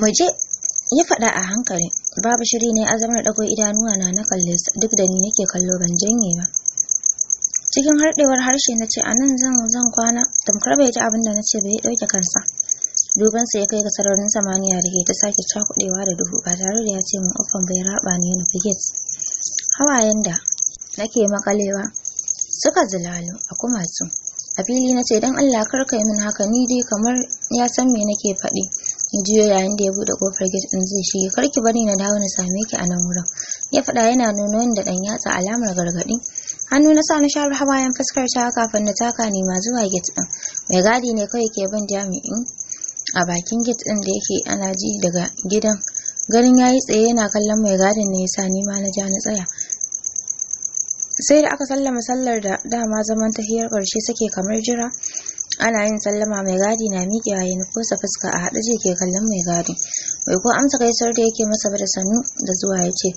muje je ya faɗa a hankali babu shiri ne azamar na ɗago idanuwa na na kalle sa duk da ni nake kallo ban janye ba cikin harɗewar harshe na ce a nan zan zan kwana tamkar bai ji abin da na ce bai ɗauke kansa duban sa ya kai ga sararin samaniya da ke ta sake cakuɗewa da duhu ba tare da ya ce min ofan bai raba ni na gate hawayen da nake makalewa suka zilalo a kumatu a fili na ce don allah kar kai min haka ni dai kamar ya san me nake faɗi in juyo yayin da ya buɗe kofar gate din zai shige kar ki bari na dawo na same ki a nan wurin ya faɗa yana nuna da dan yatsa alamar gargaɗi hannu na sa na hawa yan fuskar ta kafin na taka ma zuwa gate din. mai gadi ne kawai ke ban jami'in a bakin gate ɗin da yake ana ji daga gidan ganin ya yi tsaye yana kallon mai gadin ne ya sa ma na ja na tsaya sai da aka sallama sallar da dama zaman tahiyar ƙarshe suke kamar jira ana yin sallama mai gadi na miƙe a yin kusa fuska a haɗe ke kallon mai gadi bai ko amsa gaisuwar da yake masa da sannu da zuwa ya ce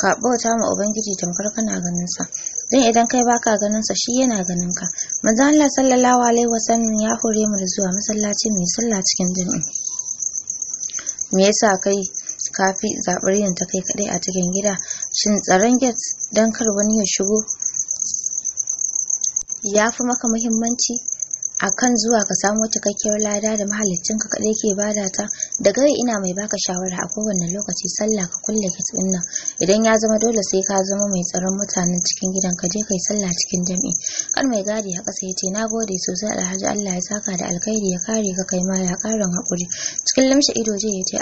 ka bauta ma ubangiji tamkar kana ganin sa don idan kai baka ganin sa shi yana ganin ka manzo Allah sallallahu alaihi wasallam ya hore mu da zuwa masallaci mai sallah cikin jini me yasa kai kafi zaɓar yin ta kai kaɗai a cikin gida shin tsaron gate don kar wani ya shigo ya fi maka muhimmanci akan zuwa ka samo cikakkiyar lada da mahaliccinka kaɗai ke bada ta daga yau ina mai baka shawara a kowane lokaci sallah ka kulle ka tsunna idan ya zama dole sai ka zama mai tsaron mutanen cikin gidan ka je kai sallah cikin jami'i kar mai gadi a kasa ya ce na gode sosai alhaji allah ya saka da alkhairi ya kare ka kai ma ya ƙarin haƙuri cikin lamshe ido je ya ce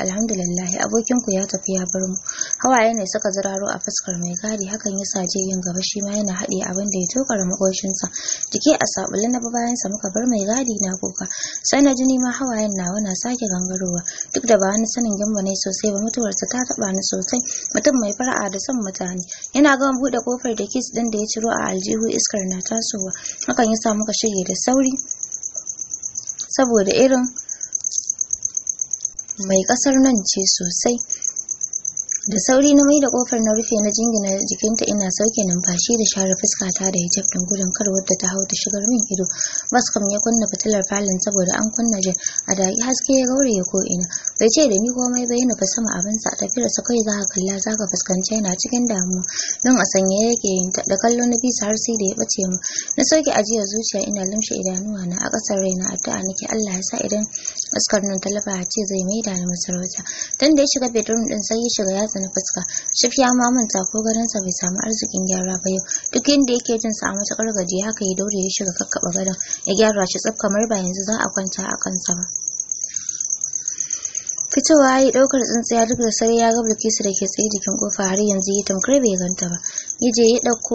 abokin ku ya tafi ya bar mu hawaye ne suka ziraro a fuskar mai gadi hakan ya sa yin gaba shi ma yana haɗe abin da ya tokara makoshinsa jiki a sabulin na bayansa muka bar mai gadi na kuka sai na jini ma hawayen nawa na sake gangarowa duk da ba ni sanin gimba ne sosai ba mutuwarsa ta taɓa ni sosai mutum mai fara'a da son mutane yana gama buɗe kofar da kis din da ya ciro a aljihu iskar na tasowa hakan ya sa muka shige da sauri saboda irin mai ƙasar nan ce sosai da sauri na mai da kofar na rufe na jingina jikinta ina sauke numfashi da share fuskata da hijab din gudun kar wadda ta hau ta shigar min ido bas kam ya kunna fitilar falon saboda an kunna jin a daki haske ya gaure ya ko ina bai ce da ni komai ba abin sa sama a tafiyarsa kai za kalla za ka fuskanci yana cikin damuwa don a sanye yake yin ta da kallo na bisa har sai da ya bace mu na sauke ajiyar zuciya ina lumshe idanuwa na a ƙasar raina addu'a nake Allah ya sa idan askar nan talaba ce zai maida ni masarauta dan da ya shiga bedroom din sai ya shiga ya na fuska shif ya ma manta ko sa bai samu arzikin gyara ba yau duk inda yake jin sa a matuƙar gajiya haka ya daure ya shiga kakkaba gadon ya gyara shi tsaf kamar ba yanzu za a kwanta a kansa ba Fitowa ya yi ɗaukar tsintsiya duk da sauri ya ga su da ke tsaye jikin kofa har yanzu ya tamkar bai ganta ba. Ya je ya ɗauko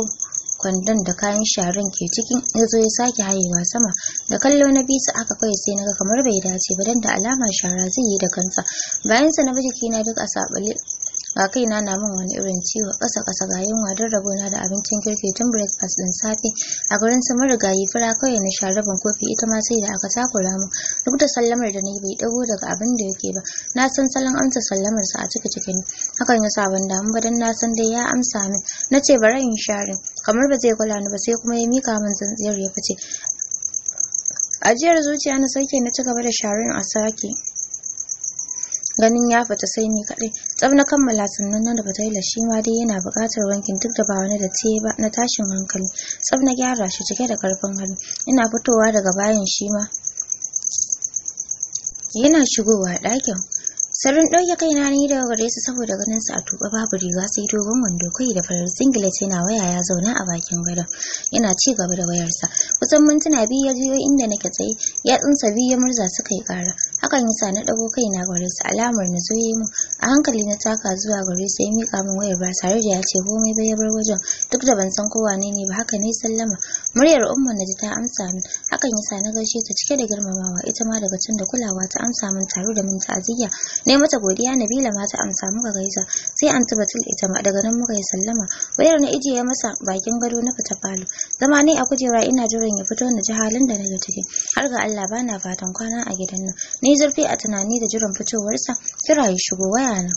kwandon da kayan sharan ke cikin ya zo ya sake hayewa sama da kallo na bisa aka kawai sai naga kamar bai dace ba dan da alama shara zai yi da kansa bayan sa na bi jikina duk a sabale ga kaina na min wani irin ciwo ƙasa ƙasa ga yunwa don rabona da abincin girki tun breakfast ɗin safe a gurin su marigayi fura kawai na sha rabin kofi ita ma sai da aka takura mu duk da sallamar da ni bai dago daga abin da yake ba na san salon amsa sallamar sa a ciki ciki ne hakan ya sa ban damu ba dan na san dai ya amsa min na ce bari in share kamar ba zai kula ni ba sai kuma ya mika min tsintsiyar ya fice ajiyar zuciya na sauke na ci gaba da sharin a sake ganin ya fita sai ni kaɗai tsab na kammala sannan nan da la shi ma dai yana buƙatar wankin duk da ba wani da ce ba na tashin hankali tsab na gyara shi cike da karfin hannu. ina fitowa daga bayan shi ma yana shigowa ɗakin sarin ɗauke kaina ne daga gare su saboda ganin su a tuba babu riga sai dogon wando kai da farar singlet yana waya ya zauna a bakin gadon. Yana ci gaba da wayarsa. Kusan mintuna biyu ya juyo inda nake tsaye, ya tsinsa biyu ya murza suka yi ƙara. hakan yasa na dago kaina gare su alamar na zo mu a hankali na taka zuwa gare su ya mika min wayar ba tare da ya ce komai ba ya bar wajen duk da ban san ko wane ne ba haka ne sallama muryar umma na ji ta amsa min hakan yasa na gaishe ta cike da girmamawa ita ma daga can da kulawa ta amsa min tare da min ta'aziyya ne mata godiya Nabila ma ta amsa muka gaisa sai Anti Batul ita ma daga nan muka yi sallama wayar na ijiye masa bakin gado na fita falo zama ne a kujera ina jiran ya fito na ji halin da nake ciki har ga Allah bana fatan kwana a gidan nan ni zurfi a tunani da jiran fitowarsa kira ya shigo wayana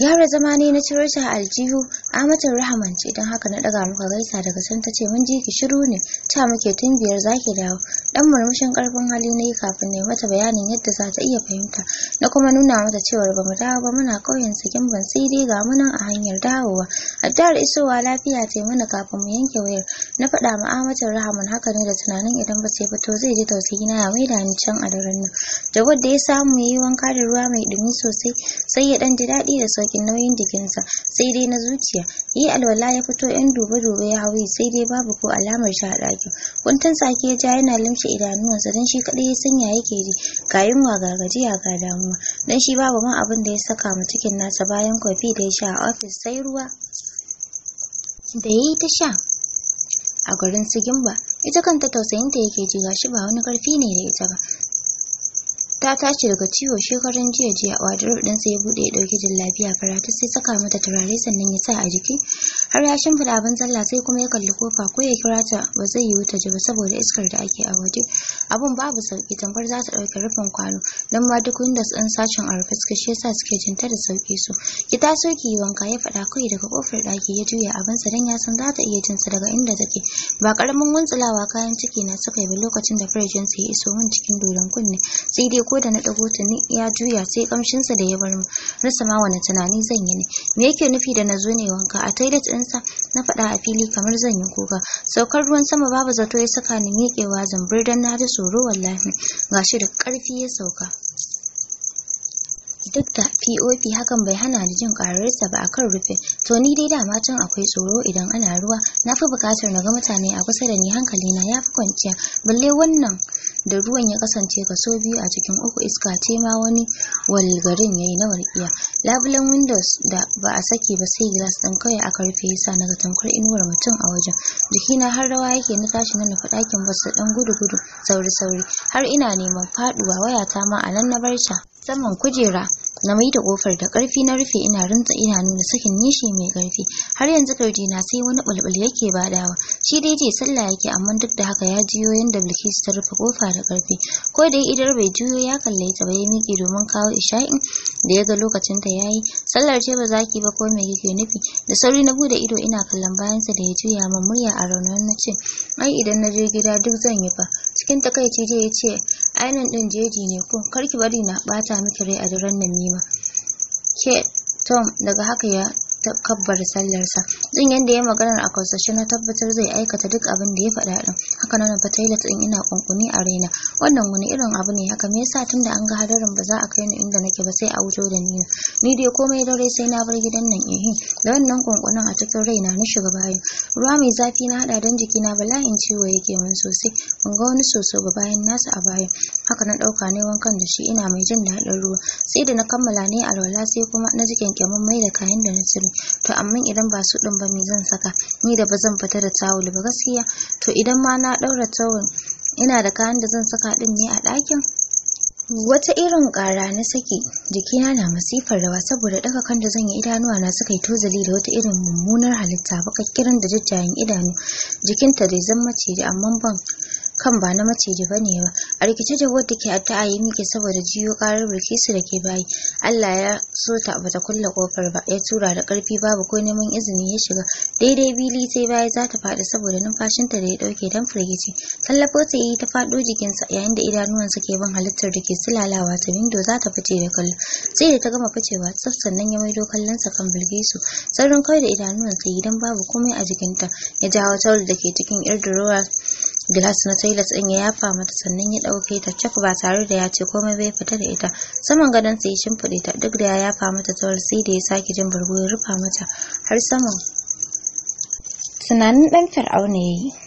gyara zama ne na ciro shi a aljihu amatar rahaman ce don haka na daga muka gaisa daga san ta ce mun ji ki shiru ne ta muke tun biyar ki dawo dan murmushin karfin hali na yi kafin na yi mata bayanin yadda za ta iya fahimta na kuma nuna mata cewar bamu dawo ba muna ƙauyen sakin ban sai ga mu a hanyar dawowa addu'ar isowa lafiya ta mana kafin mu yanke wayar na faɗa ma amatar rahaman haka ne da tunanin idan ba sai fito zai ji tausayi na ya maida ni can a daren nan Da da ya samu yi wanka da ruwa mai dumi sosai sai ya dan ji daɗi da sauki sauƙin nauyin jikinsa sai dai na zuciya yi alwala ya fito yan dube dube ya yi sai dai babu ko alamar shi a ɗakin kuntun sake ja yana limshe idanuwansa don shi kaɗai ya sanya yake ji ga yunwa ga gajiya ga damuwa don shi babu ma abin da ya saka ma cikin nasa bayan kofi da ya sha a ofis sai ruwa da ya yi ta sha a garin gimba ita kanta tausayinta yake ji shi ba wani ƙarfi ne da ita ba ta tashi daga ciwo shekaran jiya jiya wato din sai ya bude ya dauki jallabiya fara ta sai saka mata turare sannan ya sa a jiki har ya shimfida abin sallah sai kuma ya kalli kofa ko ya kira ta ba zai yi wuta ji ba saboda iskar da ake a waje abun babu sauki tambar za ta dauki rufin kwano dan ma duk windows din sashin a rufe suka shi yasa suke jin ta da sauki su ki ta soki yi wanka ya fada kai daga kofar daki ya juya abin sa dan ya san za ta iya jin sa daga inda take ba karamin wuntsulawa kayan ciki na suka yi ba lokacin da firjin sai ya iso min cikin dodon kunne sai dai ko da na dago tuni ya juya sai sa da ya bar mu rasa ma wani tunani zan yi ne me yake nufi da na zo ne wanka a toilet sa na faɗa a fili kamar zan yi kuka saukar ruwan sama babu zato ya saka ni miƙewa zambir dan na ji tsoro wallahi gashi da ƙarfi ya sauka duk da POP hakan bai hana ni jin ƙararsa ba akan rufe. to ni dai dama can akwai tsoro idan ana ruwa na fi buƙatar na ga mutane a kusa da ni hankalina ya fi kwanciya balle wannan da ruwan ya kasance kaso biyu a cikin uku iska ce ma wani walgarin yayi na walƙiya labulen windows da ba a saki ba sai glass ɗin kawai aka rufe yasa na ga tamkar inuwar mutum a wajen jikina har rawa yake na tashi na nufi ɗakin bas ɗan gudu gudu sauri sauri har ina neman faɗuwa wayata ma a nan na bar ta saman kujera na mai da kofar da karfi na rufe ina rinta idanu da sakin nishi mai karfi har yanzu karji na sai wani bulbul yake badawa shi dai je sallah yake amma duk da haka ya jiyo yanda Bilkisu ta rufe kofa da karfi ko da idar bai juyo ya kalle ta ba ya miƙe domin kawo isha'in da ya ga lokacin ta yayi sallar ce ba za ba ko me kike nufi da sauri na bude ido ina kallon bayansa da ya juya min murya a raunin na ai idan na je gida duk zan yi fa cikin takaici je ya ce ainihin ɗin jeji ne ko ki bari na ɓata miki rai a daren nan nima ke tom daga haka ya kabbar sallarsa jin yanda ya magana a kausashe na tabbatar zai aikata duk abin da ya faɗa din haka nan fa tailat din ina kunkuni a raina wannan wani irin abu ne haka me yasa tunda an ga hadarin ba za a kai ni inda nake ba sai a wuto da ni ni dai komai dare sai na bar gidan nan ehin da wannan kunkunin a cikin raina na shiga bayan ruwa mai zafi na hada don na bala'in ciwo yake min sosai mun ga wani soso ba bayan nasa a bayan haka na dauka ne wankan da shi ina mai jin daɗin ruwa sai da na kammala ne alwala sai kuma na jikin kyamun mai da kayan da na cire to amma idan ba su ɗin ba me zan saka ni da bazan zan fita da tawul ba gaskiya to idan ma na ɗaura tawul ina da kayan da zan saka ɗin ne a ɗakin wata irin ƙara na saki jikina na masifar rawa saboda daga kan da zan yi idanuwa na suka yi tozali da wata irin mummunar halitta bakakkirin da jajjayen idanu jikinta da zan mace da amman ban kan ba na maciji ba ne ba a rikice da wadda ke a ya miki saboda jiyo karar birkisu da ke bayi allah ya so ta bata kulle kofar ba ya tura da karfi babu ko neman izini ya shiga daidai bili sai baya za ta faɗi saboda numfashinta da ya ɗauke don firgici tallafo ta yi ta faɗo jikinsa yayin da idanuwan ke bin halittar da ke silalawa ta windo za ta fice da kallo sai da ta gama ficewa tsaf sannan ya maido kallon sa kan bilkisu sauran kawai da idanuwan idan babu komai a jikinta ya jawo taurin da ke cikin yar gilas na tilas ɗin ya yafa mata sannan ya dauke ta cak ba tare da ya ce komai bai fita da ita saman gadon sai ya shimfiɗe ta duk da ya yafa mata tawar sai da ya sake jin bargo ya rufa mata har saman tunanin dan fir'auna yayi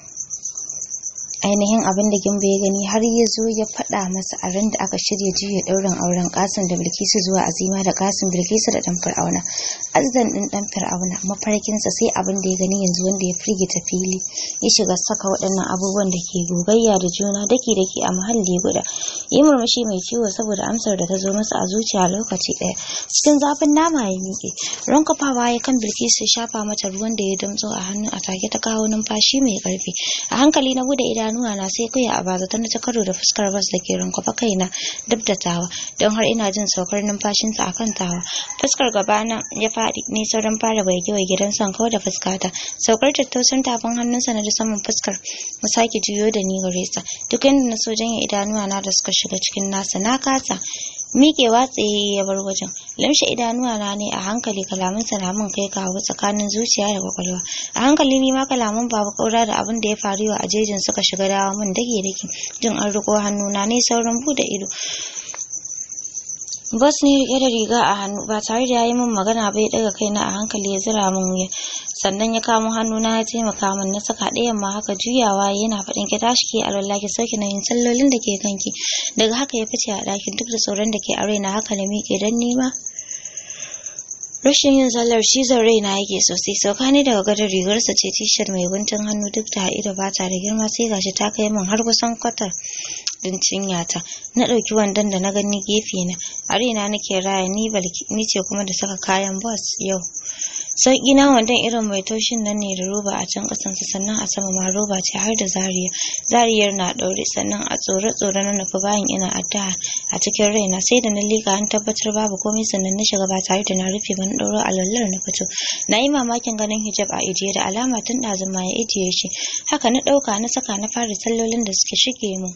ainihin abin da Gimba ya gani har ya zo ya faɗa masa a ran da aka shirya juya ɗaurin auren Kasim da Bilkisu zuwa Azima da Kasim Bilkisu da ɗan Fir'auna. Azdan ɗin ɗan Fir'auna mafarkinsa sai abin da ya gani yanzu wanda ya firgita fili ya shiga saka waɗannan abubuwan da ke gogayya da juna daki daki a muhalli guda. Yi murmushi mai ciwo saboda amsar da ta zo masa a zuciya lokaci ɗaya. Cikin zafin nama ya miƙe. Rankafawa ya kan Bilkisu ya shafa mata ruwan da ya damtso a hannu a take ta kawo numfashi mai ƙarfi. A hankali na bude idanu idanuwa na sai kai a bazata na ta karo da fuskar bas da ke rinkwafa kaina duk da tawa don har ina jin saukar numfashinsa a kan tawa fuskar gaba na ya faɗi ne saurin fara waige wa gidan san kawai da fuskata saukar tattausan tafin hannunsa na da saman fuskar mu sake juyo da ni gare sa duk yadda na so janye idanuwa na da suka shiga cikin nasa na kasa miƙewa tsaye ya bar wajen lamshe idanuwa na ne a hankali kalaman salamun kai kawo tsakanin zuciya da kwakwalwa a hankali ni ma kalaman babu kaura da abin da ya faru a jejin suka shiga dawa min dage dake jin an riko hannu na ne sauran bude ido Bas ne rike da riga a hannu ba tare da yayi min magana ba ya daga kaina a hankali ya zira min wuya. Sannan ya kamo hannu na ya taimaka min na saka ɗayan ma haka juyawa yana faɗin ki tashi ke a lallaki sauki na yin sallolin da ke kanki. Daga haka ya fice a ɗakin duk da sauran da ke a raina haka na miƙe don nema rashin yin sallar cizon na yake sosai sauka ne daga gadon rigarsa ce tishar mai guntun hannu duk da haɗe da bata da girma sai gashi ta kai min har kusan kwatar din ta na ɗauki wandon da na gani gefe na a raina nake raya ni ni ce kuma da saka kayan bus yau sauki na wandon irin mai taushin nan ne da roba a can sa sannan a sama ma roba ce har da zariya zariyar na daure sannan a tsore tsore na nufi bayan ina da'a, a cikin raina sai da na lika an tabbatar babu komai sannan na shiga ba tare da na rufe ban dauro a lallar na fito na yi mamakin ganin hijab a ijiye da alama tun ɗazun ma ya ijiye shi haka na ɗauka na saka na fara sallolin da suke shige mu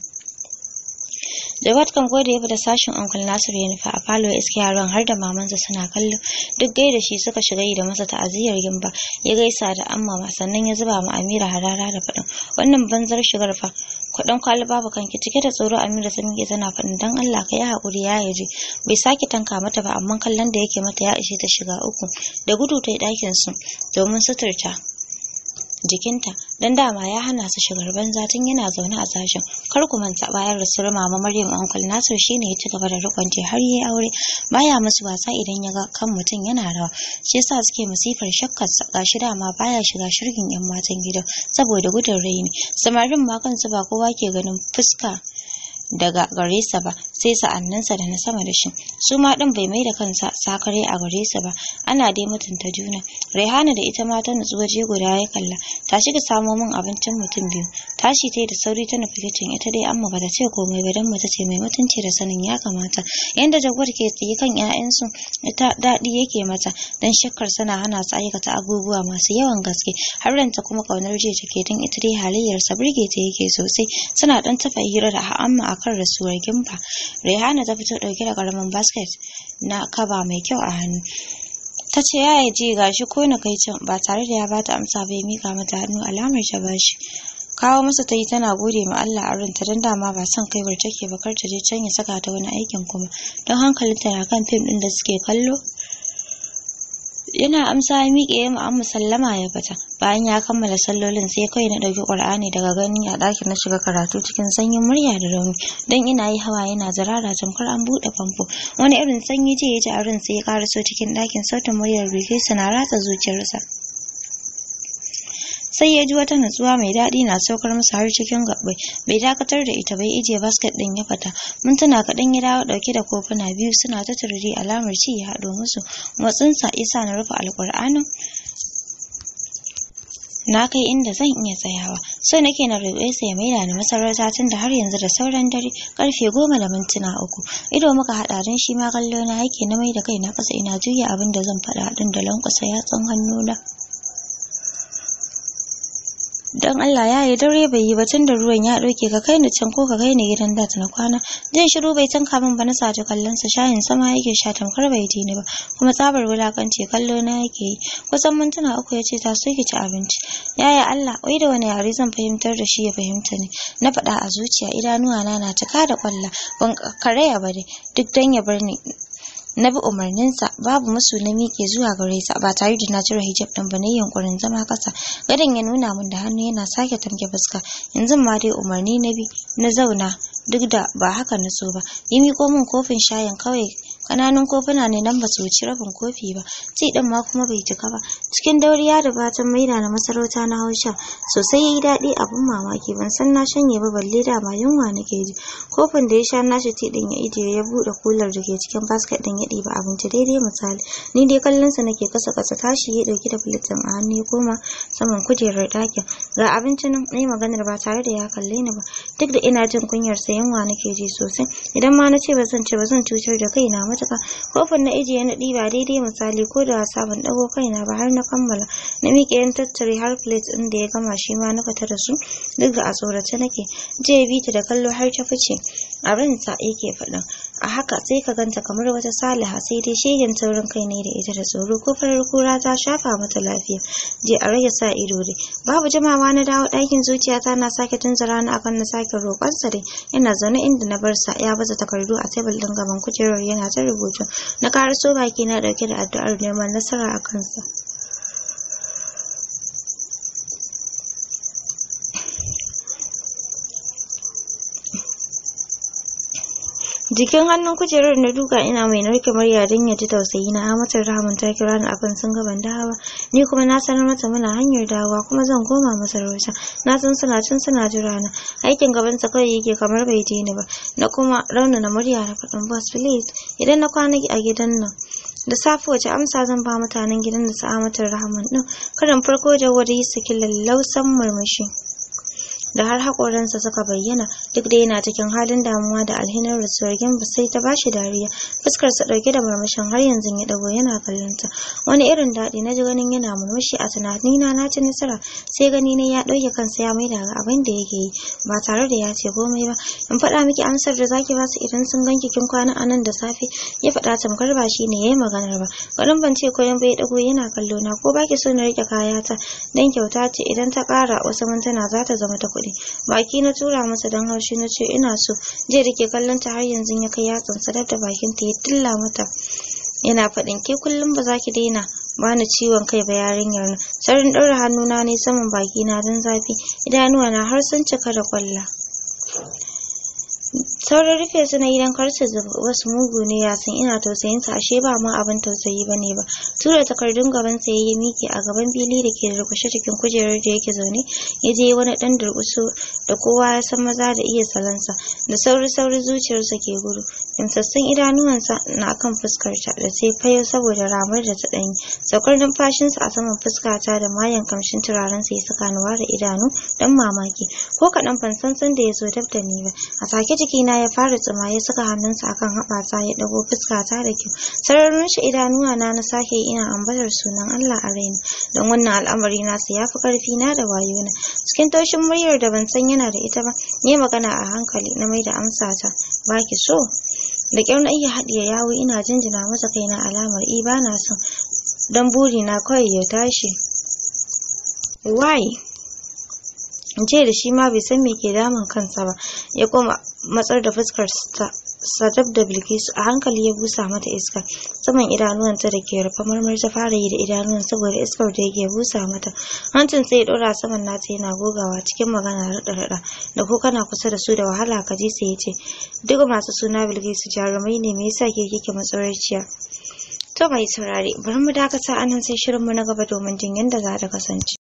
Jawad kan ko da sashin Uncle Nasir ya nufa a falo ya iske yaran har da mamansa suna kallo. Duk gaida shi suka shiga yi da masa ta'aziyar gimba. Ya gaisa da amma ba sannan ya zuba ma Amira harara da faɗin. Wannan banzar shigar fa kuɗin kwali babu kanki cike da tsoro Amira ta miƙe tana faɗin dan Allah ka yi haƙuri ya yaje. Bai sake tanka mata ba amma kallon da yake mata ya ishe ta shiga uku. Da gudu ta yi ɗakin su domin suturta jikinta don dama ya hana su shigar banza tun yana zaune a sashen kar ku manta bayan da mama Maryam uncle Nasir shine ya ci gaba da ce, har yayi aure baya musu wasa idan ya ga kan mutum yana rawa shi yasa suke musifar shakkar sa gashi dama baya shiga shirgin yan matan gidan saboda gudun raini samarin ma kansu ba kowa ke ganin fuska daga gare sa ba sai sa'annansa da na sama da shi su ma ɗin bai mai da kansa sakare a gare su ba ana dai mutunta juna rehana da ita ma ta nutsu waje guda ya kalla ta shiga samo min abincin mutum biyu tashi ta da sauri ta nufi kicin ita dai amma ba ta ce komai ba dan mace ce mai mutunci da sanin ya kamata yanda jagwar ke tsaye kan 'ya'yansu ita daɗi yake mata dan shakkar sana hana su aikata abubuwa masu yawan gaske har ranta kuma kaunar jiya take dan ita dai halayyarsa birge ta yake sosai suna ɗan tafa hira da amma akan rasuwar gimba Rihanna ta fito ɗauke da ƙaramin basket na kaba mai kyau a hannu. ta ce ya yi ji gashi ko na kai can ba tare da ya bata amsa ba ya mika mata hannu alamar ta bashi kawo masa ta yi tana gode ma Allah a ranta don dama ba son kaiwar take ba kar ta je can ya saka ta wani aikin kuma don hankalinta na kan fim ɗin da suke kallo yana amsa ya miƙe ya ma'amma sallama ya fita bayan ya kammala sallolin sai kai na ɗauki ƙur'ani daga gani a ɗakin na shiga karatu cikin sanyin murya da rauni don ina yi hawa yana zarara tamkar an buɗe famfo wani irin sanyi je ya ji a rin sai ya ƙaraso cikin ɗakin sautin muryar su na ratsa zuciyarsa sai ya ji wata nutsuwa mai daɗi na saukar masa har cikin gaɓɓai bai dakatar da ita bai ije basket ɗin ya fata mintuna kaɗan ya dawo ɗauke da kofuna biyu suna ta tururi alamar ci ya haɗo musu ya isa na rufe alƙur'anin na kai inda zan iya tsayawa so nake na roƙe sa ya maida ni masarauta tun da har yanzu da sauran dare karfe goma da mintuna uku ido muka haɗa don shi ma kallo na yake na maida kai na kasa ina juya abin da zan faɗa ɗin da lankwasa yatsun hannu na don Allah ya yi dare bai yi ba tun da ruwan ya ɗauke ka kai ni can ko ka kai ni gidan da ta na kwana jin shiru bai tanka min ba na saci kallon sa shayin sama yake sha tamkar bai ji ni ba kuma tsabar wulakanci kallo na yake yi kusan mintuna uku ya ce ta so ci abinci yaya Allah wai da wani yare zan fahimtar da shi ya fahimta ni na faɗa a zuciya idanuwa na na cika da kwalla ban karaya ba dai duk dan ya bar ni na bi umarninsa babu musulmi na zuwa gare sa ba tare da na cire hijab din ba na yunkurin zama kasa gadon ya nuna min da hannu yana sake tamke fuska yanzu ma dai umarni na bi na zauna duk da ba haka na so ba Yi miko min kofin shayin kawai kananun kofuna ne nan ba su wuci rabin kofi ba, ci ɗin ma kuma bai cika ba. Cikin dauri ya riba ta maida na masarauta na Hausa, sosai yayi yi daɗi abin mamaki ban san na shanye ba balle da ma yunwa nake ji. Kofin da ya sha nashi ti ɗin ya ijiye ya buɗe kular da ke cikin basket ɗin ya ɗiba abinci daidai misali. Ni dai kallon sa nake kasa kasa tashi ya ɗauki da filetin a hannu ya koma saman kujerar ɗakin. Ga abinci nan na maganar ba tare da ya kalle ni ba, duk da ina jin kunyar sa yunwa nake ji sosai. Idan ma na ce ba zan ci ba zan cutar da kaina matuka kofin na ijiye na ɗiba daidai misali ko da wasa ban ɗago kaina ba har na kammala na miƙe yan tattare har plate ɗin da ya gama shi ma na fita da su duk da a tsorace nake jiya bita da kallo har ta fice a ranta yake faɗin a haka sai ka ganta kamar wata saliha sai dai shehin taurin kai ne da ita da tsoro ko farar kura ta shafa mata lafiya je a rage sa ido dai babu jimawa na dawo ɗakin zuciyata na sake tunzura ni akan na sake sa dai Yana zaune inda na bar sa ya baza takardu a tebul ɗin gaban kujerar yana ta rubutu na karaso baki na ɗauke da addu'ar neman nasara a kansa jikin hannun kujerar na duka ina mai narke murya don ya ji tausayi na amatar rahaman ta kira ni akan sun gaban dawa ni kuma na sanar mata muna hanyar dawa kuma zan koma masarauta na san suna tun suna jira na aikin gaban sa kai yake kamar bai je ni ba na kuma rauna na murya na faɗin boss please idan na kwana a gidan nan da safe wace amsa zan ba mutanen gidan da su sa'amatar rahaman din karin farko da yi sakin lallausan murmushi da har haƙoransa suka bayyana duk da yana cikin halin damuwa da alhinin rasuwar ba sai ta bashi dariya fuskarsa ɗauke da murmushin har yanzu ya ɗago yana kallonta wani irin daɗi na ji ganin yana murmushi a tunani na ci nasara sai gani ne ya ɗauke kansa ya maida ga abin da yake yi ba tare da ya ce komai ba in faɗa miki amsar da zaki ba su idan sun ganki kin kwana anan da safe ya faɗa tamkar ba shi ne ya yi maganar ba garin ban ce koyan bai ɗago yana kallo na ko baki so na riƙe kayata dan kyauta ce idan ta ƙara wasu mintuna za ta zama ta kuɗi baki na tura masa don haushi na ce ina so jiya da ke kallon ta har yanzu ya kai yatsan sadar da bakin ta ya tilla mata yana faɗin ke kullum ba za ki daina ba bani ciwon kai ba yarinyar nan sarin ɗaura hannuna ne saman bakina don zafi idanuwa na har sun cika da kwalla saurin rufe su na gidan karsa su wasu mugu ne ya ina tausayin sa ashe ba ma abin tausayi ba ne ba tura takardun gaban sa yayi miki a gaban bili da ke rukushe cikin kujerar da yake zaune ya je wani dan durkusu da kowa ya san maza da iya salansa da sauri sauri zuciyarsa ke gudu idanuwan sa na kan fuskarta da sai fayo saboda ramar da ta danyi saukar numfashinsa a saman fuskata da mayan kamshin turaren sa ya saka ni ware idanu dan mamaki ko kadan ban san san da ya zo dab da ba a take ciki ya fara tsuma ya saka hannunsa akan haɓata ya ɗago ta da kyau sararin shi idanuwa na na sake ina ambatar sunan Allah a raina don wannan al'amari nasa ya fi ƙarfi na da wayona cikin taushin muryar da ban san yana da ita ba ne magana a hankali na mai da amsa ta ba ki so da kyau na iya haɗiye yawo ina jinjina masa kaina alamar i ba na son don burina kawai ya tashi why in ce da shi ma bai san me ke damun kansa ba ya koma matsar da fuskar sadab da bilkisu a hankali ya busa mata iska saman idanuwanta da ke rufe marmar ta fara yi da idanuwan saboda iskar da yake busa mata hancin sai ya dora saman nata yana gogawa cikin magana rada rada da ko kana kusa da su da wahala ka ji sai ya ce duk masu suna bilkisu jarumai ne me yasa ke kike matsoraciya to mai saurare bari mu dakata anan sai shirinmu na gaba domin jin yadda za ta kasance